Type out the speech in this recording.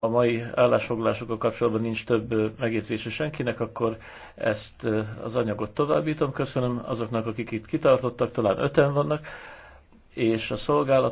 a mai állásfoglalásokkal kapcsolatban nincs több megjegyzése senkinek, akkor ezt az anyagot továbbítom. Köszönöm azoknak, akik itt kitartottak, talán öten vannak, és a szolgálat